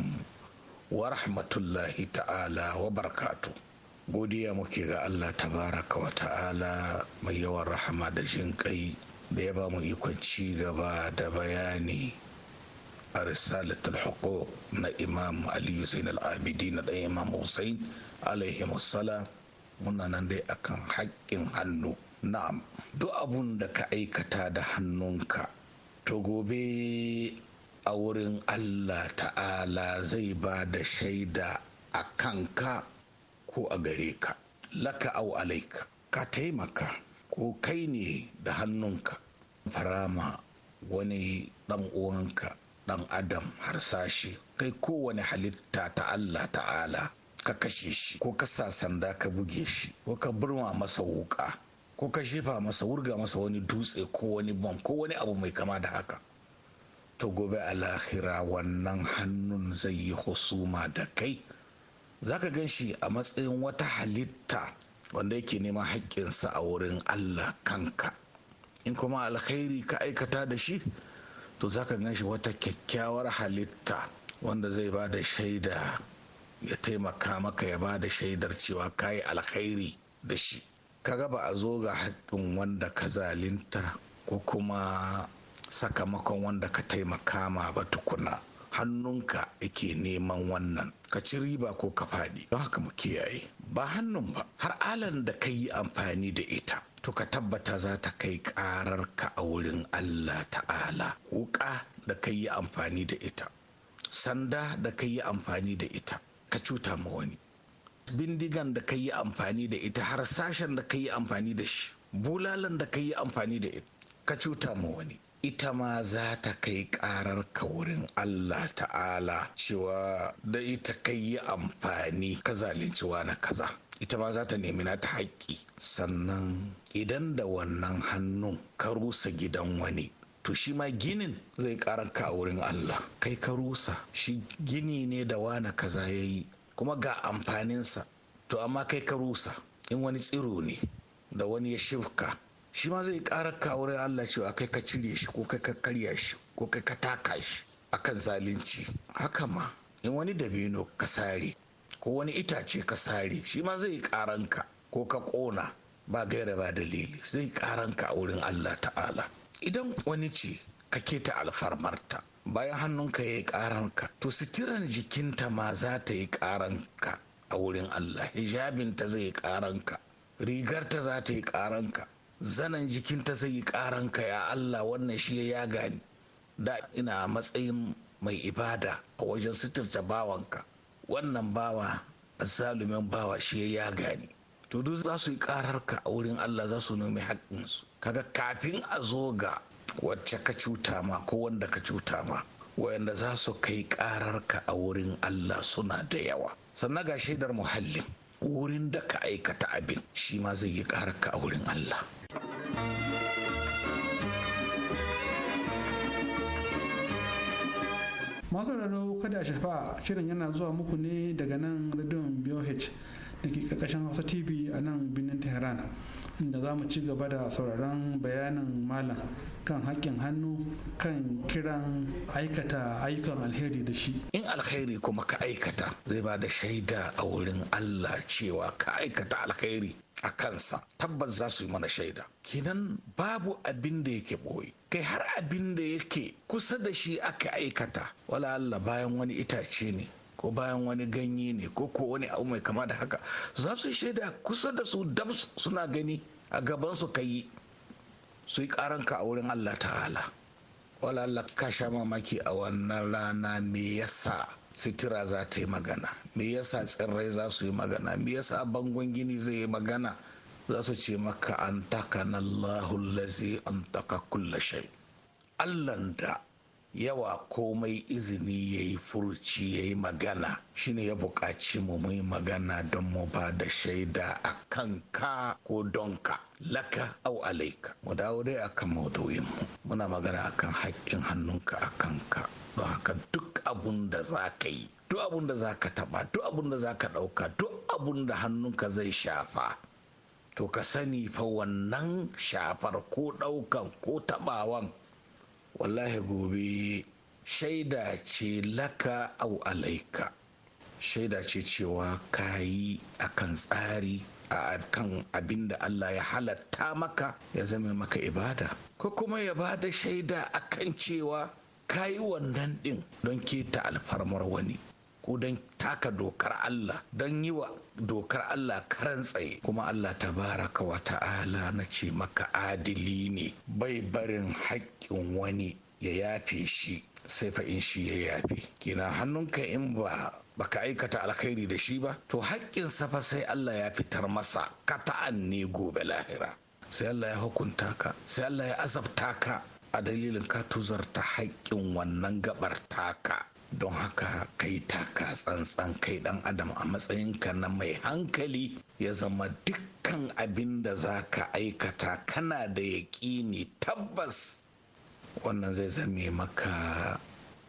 wa rahmatullahi ta'ala wa barkatu godiya muke ga allah tabaraka wa ta'ala mai yawan rahama da jin kai da ya ba mu ikon ci gaba da bayani a risalatul huquq na imam ali hussein al-abidi na ɗan imam hussein alaihi musala muna nan dai akan haƙƙin hannu na'am duk abun da ka aikata da hannunka to gobe a wurin allah ta'ala zai ba da shaida a kanka ko a gare ka laka au alaika ka taimaka ko kai ne da hannunka farama wani ɗan uwanka dan adam harsashi kai kowane halitta ta allah ta'ala ka kashe shi ko ka sa sanda ka buge shi ko ka burma masa wuƙa? ko ka shefa masa wurga masa wani dutse ko wani bom ko wani abu mai kama da haka to gobe a lahira wannan hannun zai yi husuma da kai za ka gan shi a matsayin wata halitta wanda yake neman haƙƙinsa a wurin allah kanka in kuma alkhairi ka aikata da shi to za ka gan shi wata kyakkyawar halitta wanda zai ba da shaida ya taimaka maka ya ba da shaidar cewa ka yi alkhairi da shi kaga ba a zo ga haƙƙin wanda ka zalinta ko kuma sakamakon wanda ka taimaka ma ba tukuna hannunka yake neman wannan ka ci riba ko ka faɗi don haka mu kiyaye ba hannun ba har alan da ka yi amfani da ita to ka tabbata za ta kai ƙarar ka a wurin Allah ta'ala wuka da ka yi amfani da ita sanda da ka yi amfani da ita ka cuta ma wani bindigan da ka yi amfani da ita har sashen da ka yi amfani da shi bulalan da ka yi amfani da ita ka cuta ma wani ita ma za ta kai karar ka wurin Allah ta'ala cewa da ita ka yi amfani ka zalunci wani kaza ita ma za ta nemi na ta haƙƙi sannan idan da wannan hannun ka rusa gidan wani to shi ma ginin zai karar ka a wurin Allah kai ka rusa shi gini ne da wani kaza ya yi kuma ga amfaninsa to amma kai ka rusa in wani tsiro ne da wani ya shifka shi ma zai ƙara ka wurin Allah cewa kai ka cire shi ko kai ka karya shi ko kai ka taka shi akan zalunci haka ma in wani dabino ka sare ko wani itace ka sare shi ma zai ƙaranka ko ka ƙona ba gaira ba dalili zai ƙaranka a wurin Allah ta'ala idan wani ce ka ta alfarmarta bayan hannunka ya yi karanka to sitiran jikinta ma za ta yi karanka a wurin Allah hijabinta zai yi karanka rigarta za ta yi karanka zanen jikinta zai yi karanka ya Allah wannan shi ya gani da ina matsayin mai ibada a wajen sitirta bawanka wannan bawa zalumin bawa shi ya gani to duk za su yi kararka a wurin Allah za su nome haƙƙinsu kaga kafin a zo ga wacce ka cuta ma ko wanda ka cuta ma wayanda za su kai ƙararka a wurin Allah suna da yawa sannan ga shaidar muhallin wurin da ka aikata abin shi ma zai yi ƙararka a wurin Allah masu raro kada a shafa shirin yana zuwa muku ne daga nan radion BOH da ke ƙarƙashin Hausa TV a nan birnin Tehran. inda za mu ci gaba da sauraron bayanin malam kan haƙƙin hannu kan kiran aikata ayyukan alheri da shi in alheri kuma ka aikata zai ba da shaida a wurin allah cewa ka aikata alheri a kansa tabbas za su yi mana shaida kinan babu abin da yake boye kai har abin da yake kusa da shi aka aikata wala allah bayan wani itace ne ko bayan wani ganye ne ko ko wani abu mai kama da haka za su shaida kusa da su dab suna gani a gaban su kai su yi karanka a wurin Allah ta'ala wala Allah ka sha mamaki a wannan rana me yasa sitira za ta yi magana me yasa tsirrai za su yi magana me yasa bangon gini zai yi magana za su ce maka an taka Allahun lazi an taka kulla shai. Allahn da yawa komai izini ya yi furci ya yi magana shine ya buƙaci mu muyi magana don mu ba da shaida a kanka ko don ka. laka au alaika mu dawo dai akan maudu'in mu muna magana akan haƙƙin hannunka a kanka don haka duk abun da za ka yi duk abun da za ka taɓa duk abun da za ka ɗauka duk abun da hannunka zai shafa to ka sani fa wannan shafar ko ɗaukan ko taɓawan wallahi gobe shaida ce laka au alaika shaida ce cewa ka yi a kan tsari a kan abin da Allah ya halatta maka ya zama maka ibada ko kuma ya ba da shaida a kan cewa ka yi wannan ɗin don keta alfarmar wani ko don taka dokar Allah don yi wa dokar Allah karan tsaye kuma Allah tabaraka wa ta'ala na ce maka adili ne bai barin haƙƙin wani ya yafe shi sai fa'in shi ya yafe kina hannunka in ba baka aikata alkhairi da shi ba to haƙƙin safa sai Allah ya fitar masa kata'an ne gobe lahira sai Allah ya hukunta ka sai Allah ya azabta ka a dalilin ka tuzarta haƙƙin wannan gabar taka don haka kai taka tsantsan kai dan adam a matsayinka na mai hankali ya zama dukkan abin da za ka aikata kana da yaƙini tabbas wannan zai zame maka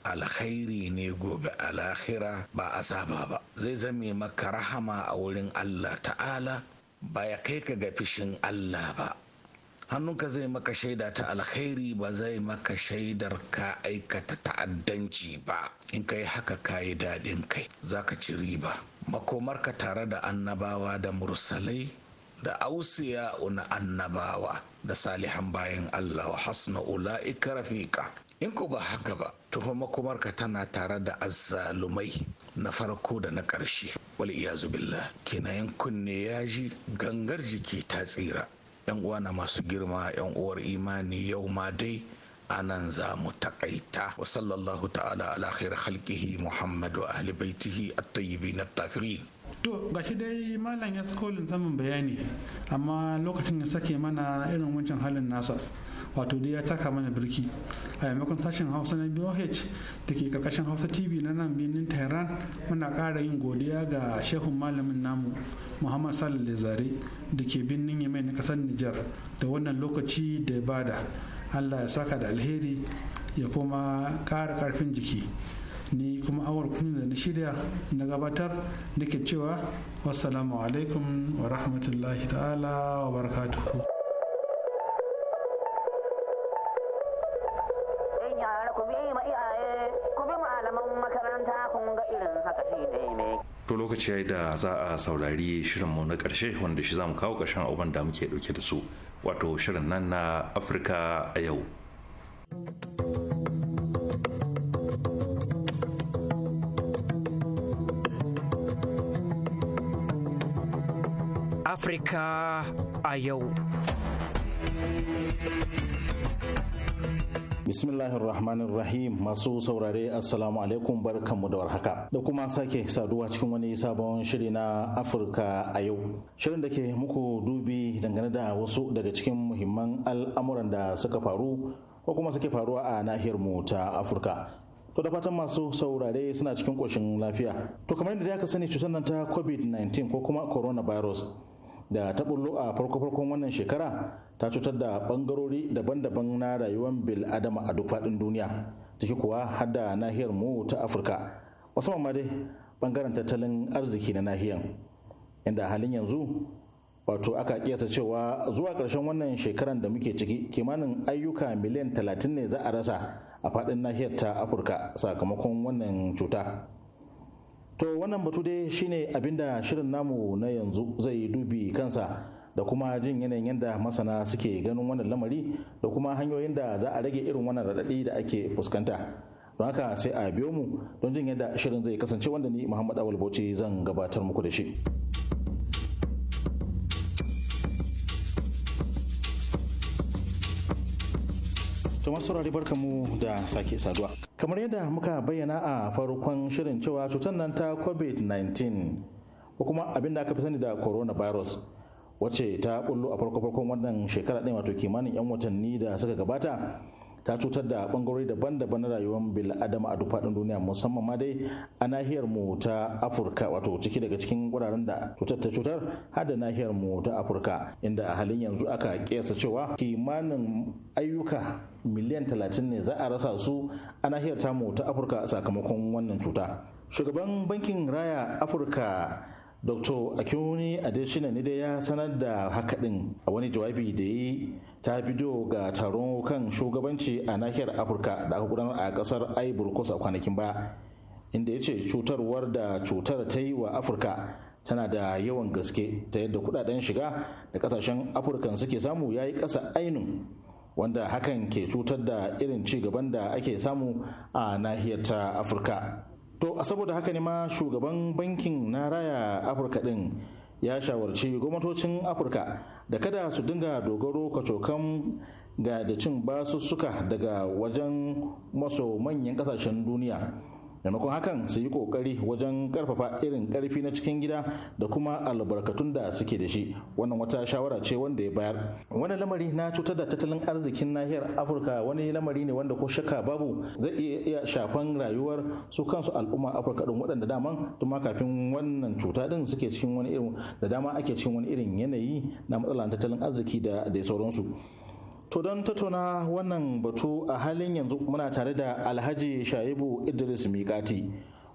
alkhairi ne gobe alakhira ba saba ba zai zame maka rahama a wurin allah ta'ala ba ya kai ka ga fishin allah ba hannunka zai maka shaida ta alkhairi ba zai maka shaidar ka aikata ta'addanci ba in ka yi haka ka yi daɗin kai za ka ci riba makomarka tare da annabawa da mursalai da ausiya una annabawa da salihan bayan allah wa hasna ula'ika rafiqa in ku ba haka ba tufa makomarka tana tare da azzalumai na farko da na ƙarshe wal iyazu billah kinayen kunne ya ji gangar jiki ta tsira yan uwa na masu girma yan uwar imani yau ma dai anan za mu takaita wa sallallahu ta'ala ala khair halkihi muhammadu ahli baitihi at-tayyibin at-tafirin to gashi dai malam ya sako saman bayani amma lokacin ya sake mana irin wancan halin nasa wato dai ya taka mana birki a yamakon sashen hausa na boh da ke karkashin hausa tv na nan birnin tehran muna ƙara yin godiya ga shehun malamin namu muhammad da zare da ke birnin yamai na ƙasar nijar da wannan lokaci da ya bada allah ya saka da alheri ya kuma kara karfin jiki ni kuma awar kunin da na shirya na gabatar da ke cewa wassalamu alaikum wa rahmatullahi ta'ala wa barakatuhu to lokaci ya yi da za a saurari shirinmu na ƙarshe wanda shi za mu kawo ƙarshen abin da muke ɗauke da su wato shirin nan na afirka a yau afirka a yau Bismillahirrahmanirrahim masu saurare assalamu alaikum barkanmu da warhaka da kuma sake saduwa cikin wani sabon shiri na Afirka a yau. Shirin da ke muku dubi dangane da wasu daga cikin muhimman al'amuran da suka faru ko kuma suke faruwa a nahiyar mu ta Afirka. To da fatan masu saurare suna cikin ƙoshin lafiya. To kamar yadda aka sani cutar nan ta COVID-19 ko kuma coronavirus da ta bullo a farko-farkon wannan shekara ta cutar da bangarori daban-daban na rayuwar bil adama a duk faɗin duniya ciki kuwa har da nahiyar mu ta afirka musamman ma dai bangaren tattalin arziki na nahiyar inda halin yanzu wato aka kiyasa cewa zuwa ƙarshen wannan shekaran da muke ciki kimanin ayyuka miliyan talatin ne za a rasa a faɗin nahiyar ta afirka sakamakon wannan cuta to wannan batu dai shine abinda shirin namu na yanzu zai dubi kansa da kuma jin yanayin yadda masana suke ganin wannan lamari da kuma hanyoyin da za a rage irin wannan raɗaɗi da ake fuskanta don haka sai a biyo mu don jin yadda shirin zai kasance wanda ni muhammad awal bauchi zan gabatar muku da shi. masu saurari barka mu da sake saduwa. Kamar yadda muka bayyana a farkon shirin cewa cutar nan ta COVID-19 ko kuma abin da aka fi sani da coronavirus wacce ta bullo a farko-farkon wannan shekara ɗin wato kimanin 'yan watanni da suka gabata ta cutar da bangarori daban-daban na rayuwar bil'adama a dufaɗin duniya musamman ma dai a nahiyar mu ta afirka wato ciki daga cikin wuraren da cutar ta cutar har da nahiyar mu ta afirka inda a halin yanzu aka kiyasa cewa kimanin ayyuka miliyan talatin ne za a rasa su a nahiyar tamu ta afirka sakamakon wannan cuta shugaban bankin raya afirka dr akinwuni adeshina ne da ya sanar da haka din a wani jawabi da ya yi ta bido ga taron kan shugabanci a nahiyar afirka da aka gudanar a kasar ivory coast a kwanakin baya inda ya ce cutarwar da cutar ta yi wa afirka tana da yawan gaske ta yadda kudaden shiga da kasashen afirka suke samu ya yi kasa ainun wanda hakan ke cutar da irin ci gaban da ake samu a nahiyar ta afirka to a saboda haka ne ma shugaban bankin na raya afirka din ya shawarci gwamnatocin afirka da kada su dinga dogaro kacokan ga da cin basussuka daga wajen maso manyan kasashen duniya maimakon hakan su yi kokari wajen karfafa irin karfi na cikin gida da kuma albarkatun da suke da shi wannan wata shawara ce wanda ya bayar wani lamari na cutar da tattalin arzikin nahiyar afirka wani lamari ne wanda ko shakka babu zai iya shafan rayuwar su kansu al'umma afirka din waɗanda dama tuma kafin wannan cuta din suke cikin wani irin da dama ake cikin wani irin yanayi na matsalar tattalin arziki da dai sauransu To don tattauna wannan batu a halin yanzu muna tare da Alhaji Shaibu Idris Mikati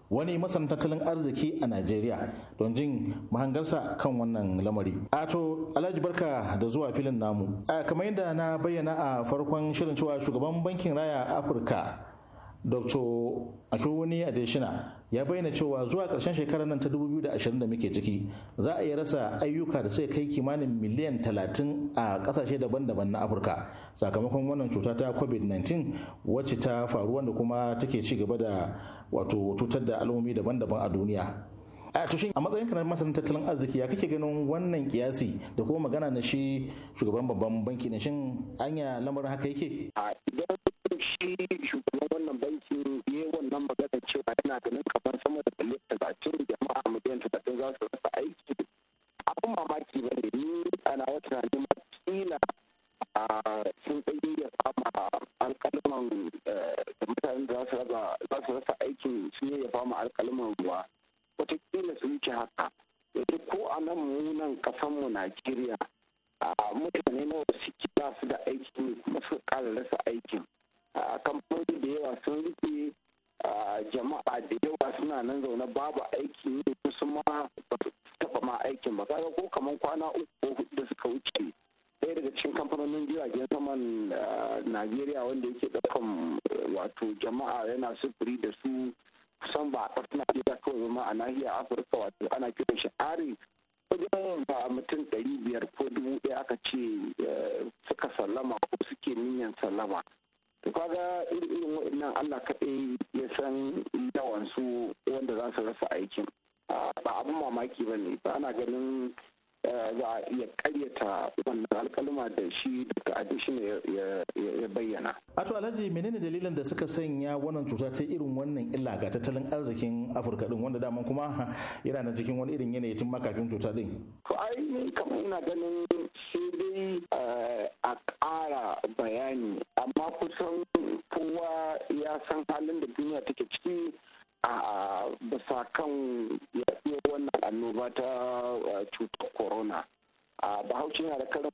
wani masan tattalin arziki a Najeriya don jin mahangarsa kan wannan lamari. A to Alhaji barka da zuwa filin namu. Kamar yadda na bayyana a farkon shirin cewa shugaban bankin raya Afirka dr akwai adeshina ya bayyana cewa zuwa ƙarshen shekarar nan ta 2020 da muke ciki za a iya rasa ayyuka da suka kai kimanin miliyan 30 a ƙasashe daban-daban na afirka sakamakon wannan cuta ta covid-19 wacce ta faru wanda kuma take ci gaba da wato cutar da al'ummi daban-daban a duniya a tushen a matsayin kanar masanin tattalin arziki ya kake ganin wannan kiyasi da kuma magana na shi shugaban babban banki na shin anya lamarin haka yake shi shugaban wannan bankin ya yi wannan magana cewa yana ganin kamar sama da miliyan talatin jama'a miliyan talatin za su rasa aiki abin mamaki ba ne ni ana wata na nema kila sun tsaye ya fama alkalman eh, da mutanen da za su rasa aikin sun ya fama alkalman ruwa wataƙila su wuce haka yanzu ko a nan munan ƙasanmu najeriya mutane nawa suke ba su da aiki kuma su ƙara rasa aikin kamfanoni da yawa sun rike jama'a da yawa suna nan zaune babu aikin yi wasu ma su taba ma aikin ba kaga ko kamar kwana uku ko hudu da suka wuce ɗaya daga cikin kamfanonin jiragen saman najeriya wanda yake ɗaukan wato jama'a yana sufuri da su kusan ba a ƙasar najeriya kawai ma a nahiyar afirka wato ana kiran shi ari wajen ba mutum ɗari biyar ko dubu ɗaya aka ce eh, suka sallama ko suke niyan sallama to kaga irin irin wa'annan Allah kaɗai ya san yawan su wanda za su rasa aikin ba abin mamaki ba ne ba ana ganin eh, za a iya karyata wannan alkalma da shi daga ne ya bayyana. Ato Alhaji menene dalilin da suka sanya wannan cuta ta irin wannan illa ga tattalin arzikin Afirka din wanda daman kuma yana na cikin wani irin yanayi tun makafin cuta din. To ai kamar ina ganin sai dai eh, a ƙara bayani kusan kowa ya san halin da duniya take ciki a bisa kan yaɗuwar wannan annoba ta uh, cutar corona a ah, bahaushe yana da karin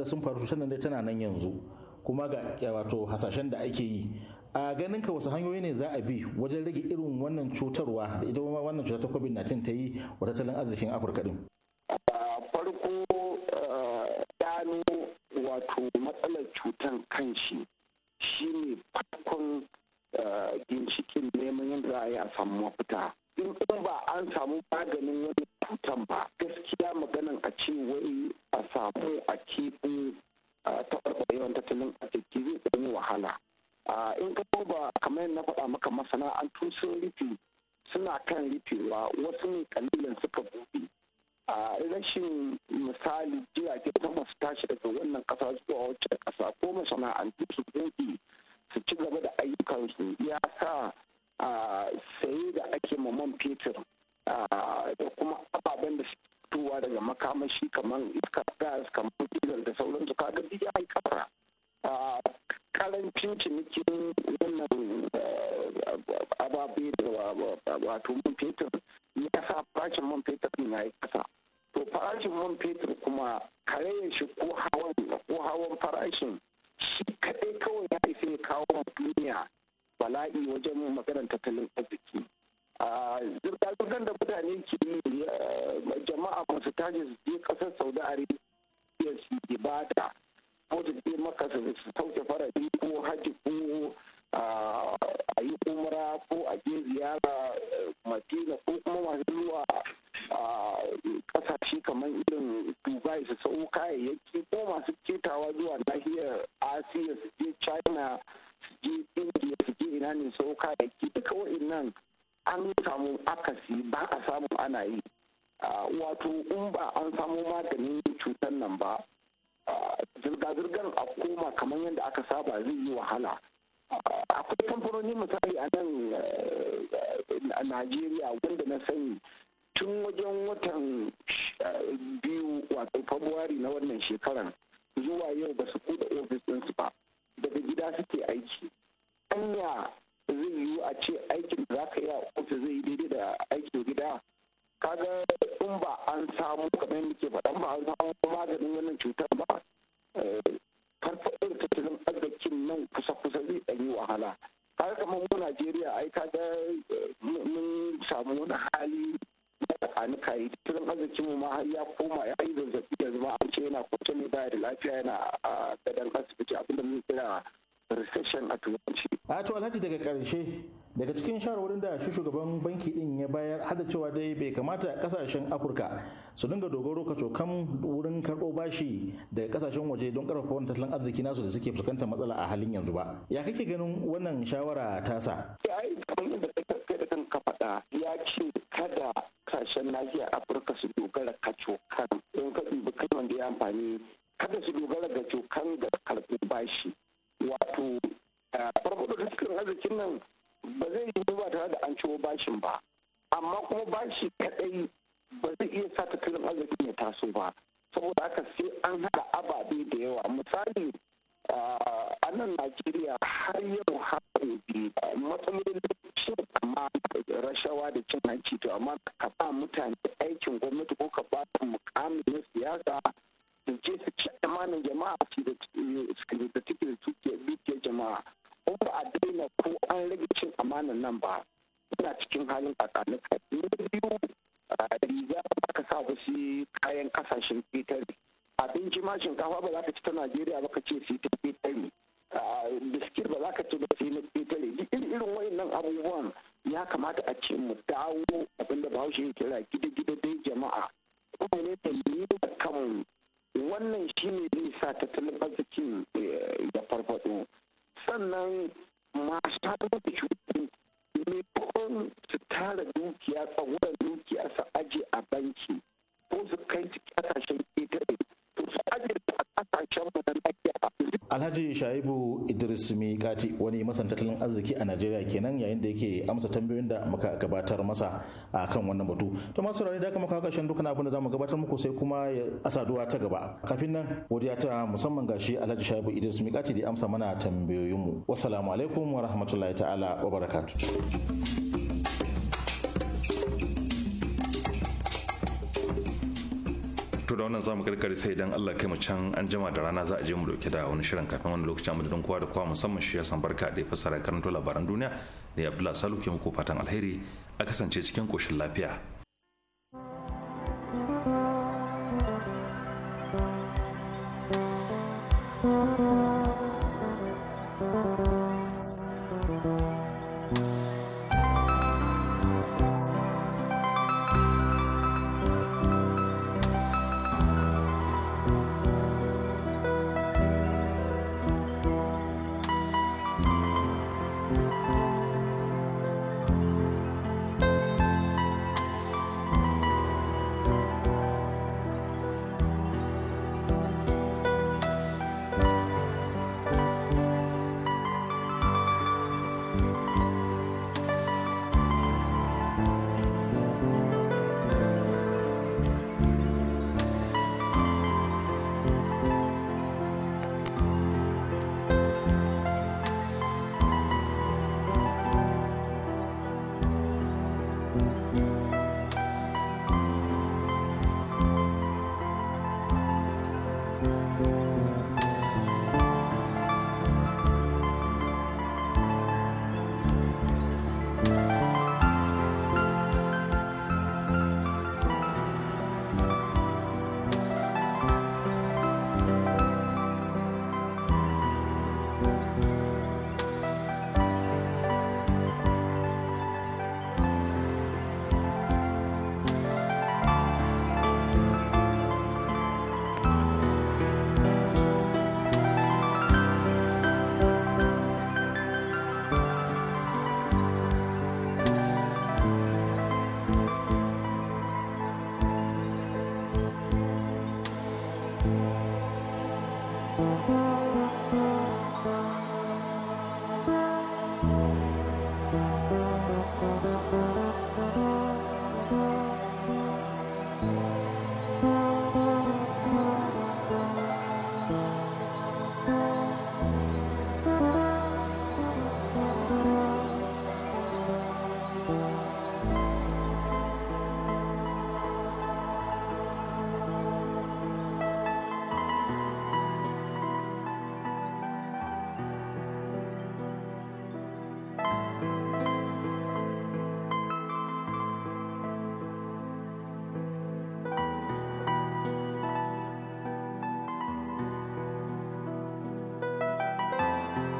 da sun faru dai tana nan yanzu kuma ga wato hasashen da ake yi a ganin ka wasu hanyoyi ne za a bi wajen rage irin wannan cutarwa da ita wannan cutar ta covid-19 ta yi wa tattalin arzikin afirka din farko eh, gano wato matsalar cutar kanshi shi ne farkon eh, ginshikin neman yadda za a yi a samu bayan watan eh, biyu wato fabuwari na wannan shekarar zuwa yau ba su kuɗa ofis ɗinsu ba daga gida suke aiki anya zai yiwu a ce aikin da za ka yi a ofis zai yi daidai da aikin gida kaga in ba an samu kamar yadda ke faɗan ba an samu maganin wannan cutar ba eh, farfaɗin tattalin arzikin nan kusa-kusa zai ɗanyi wahala har kamar mu Najeriya ai kaga eh, mun samu wani hali tsakanin kayi tattalin arzikin mu ma har ya koma ya yi zazzabi da zama, an ce yana kwance ne baya da lafiya yana a gadon asibiti abinda mun kira recession a turanci. a to alhaji daga karshe daga cikin shawarwarin da shi shugaban banki din ya bayar hada cewa dai bai kamata kasashen afirka su dinga dogaro ka cokan wurin karɓo bashi daga kasashen waje don karfafa wani tattalin arziki nasu da suke fuskantar matsala a halin yanzu ba ya kake ganin wannan shawara tasa. sa kan ka faɗa ya ce kada kashen nahiyar afirka su dogara ka cokan don ka dubi kan wanda ya amfani kada su dogara ga cokan ga karfi bashi wato farko da cikin arzikin nan ba zai yi ba tare da an ciwo bashin ba amma kuma bashi kaɗai ba zai iya sa tattalin arzikin ya taso ba saboda haka sai an haɗa ababe da yawa misali a nan najeriya har yau haka gobe matsalolin cin amma rashawa da cin hanci to amma ka ba mutane aikin gwamnati ko ka ba su mukamin na siyasa da je su ci amanin jama'a su da take da dukiyar jama'a ko ba a daina ko an rage cin amanin nan ba ina cikin halin tsakanin na biyu riga aka sa wasu kayan kasashen ƙetare abinci ma shinkafa ba za ka ci ta najeriya ba ka ce su ta ƙetare biskit ba za ka ci ba su na ƙetare irin wayannan abubuwan ya kamata a ce mu dawo abinda ba shi ya kira gida-gida dai jama'a kuma ne ta yi kan wannan shi ne zai sa ta arzikin eh, ya farfado sannan masu haɗuwa da cutar kuma su tara dukiya tsawon dukiya su aje a banki alhaji shaibu idris mikati wani masan tattalin arziki a najeriya kenan yayin da yake amsa tambayoyin da muka gabatar masa a kan wannan batu to masu rari da aka maka kashin dukkan abin da zamu gabatar muku sai kuma ya asaduwa ta gaba kafin nan godiya ta musamman gashi alhaji shaibu idris mikati da amsa mana tambayoyinmu wassalamu alaikum wa rahmatullahi ta'ala wa barakatuh wannan zamu karkare sai idan Allah kai mu can an jima da rana za a je mu dauke da wani shirin kafin wani lokacin mu da kowa da kowa musamman shi ya san barka da fassara karanto labaran duniya ne Abdullahi Salu ke muku fatan alheri a kasance cikin koshin lafiya